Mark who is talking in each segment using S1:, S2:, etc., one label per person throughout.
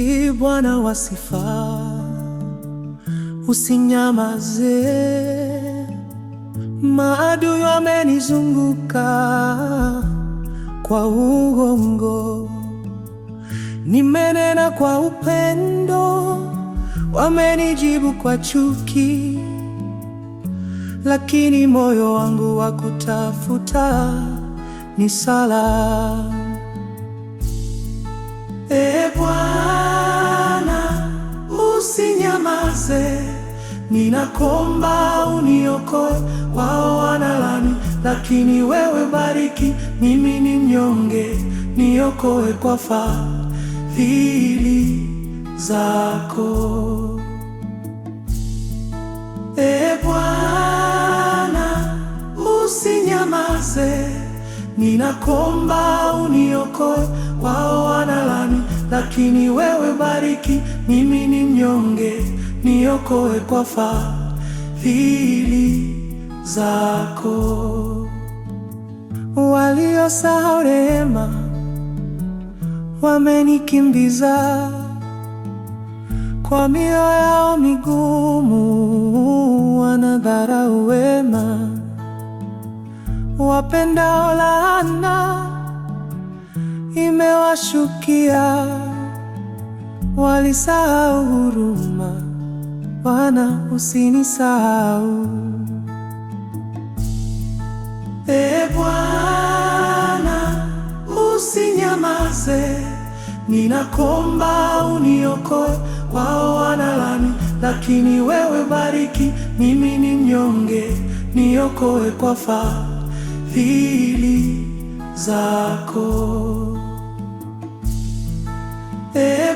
S1: Ee Bwana wa sifa, usinyamaze. Maadui wamenizunguka kwa uongo, nimenena kwa upendo, wamenijibu kwa chuki. Lakini moyo wangu wa kutafuta ni sala Ninakomba uniokoe, wao wanalani, lakini wewe bariki. Mimi ni mnyonge, niokoe kwa fadhili zako. E Bwana, usinyamaze. Ninakomba uniokoe, wao wanalani, lakini wewe bariki. Mimi ni mnyonge niokoe kwa fadhili zako. Waliosahau rehema wamenikimbiza, kwa mioyo yao migumu wanadharau wema. Wapendao laana imewashukia, walisahau huruma Bwana usinisahau. E Bwana usinyamaze, ninakomba uniokoe, wao wanalani, lakini wewe bariki. Mimi ni mnyonge, niokoe kwa fadhili zako. E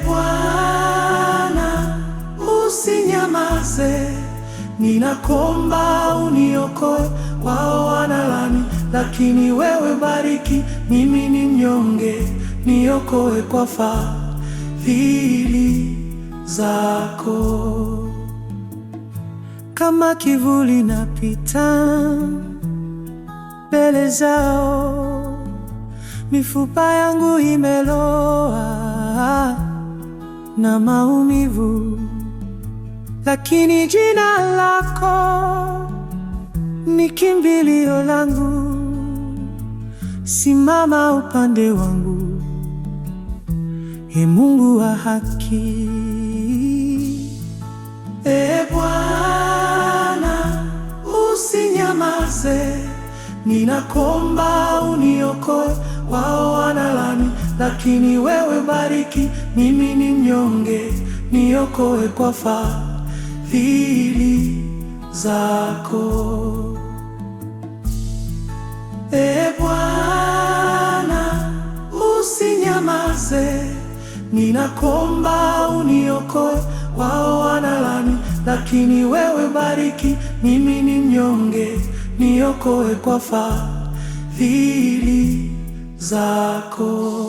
S1: Ninakomba uniokoe, wao wanalani, lakini wewe bariki. Mimi ni mnyonge, niokoe kwa fadhili zako. Kama kivuli napita mbele zao, mifupa yangu imeloa na maumivu lakini jina lako ni kimbilio langu. Simama upande wangu, e Mungu wa haki. E Bwana, usinyamaze, ninakomba uniokoe. Wao wanalani, lakini wewe bariki. Mimi ni mnyonge, niokoe kwa faa fadhili zako. E Bwana, usinyamaze, ninakomba uniokoe. Wao wanalani, lakini wewe bariki. Mimi ni mnyonge, niokoe kwa fadhili zako.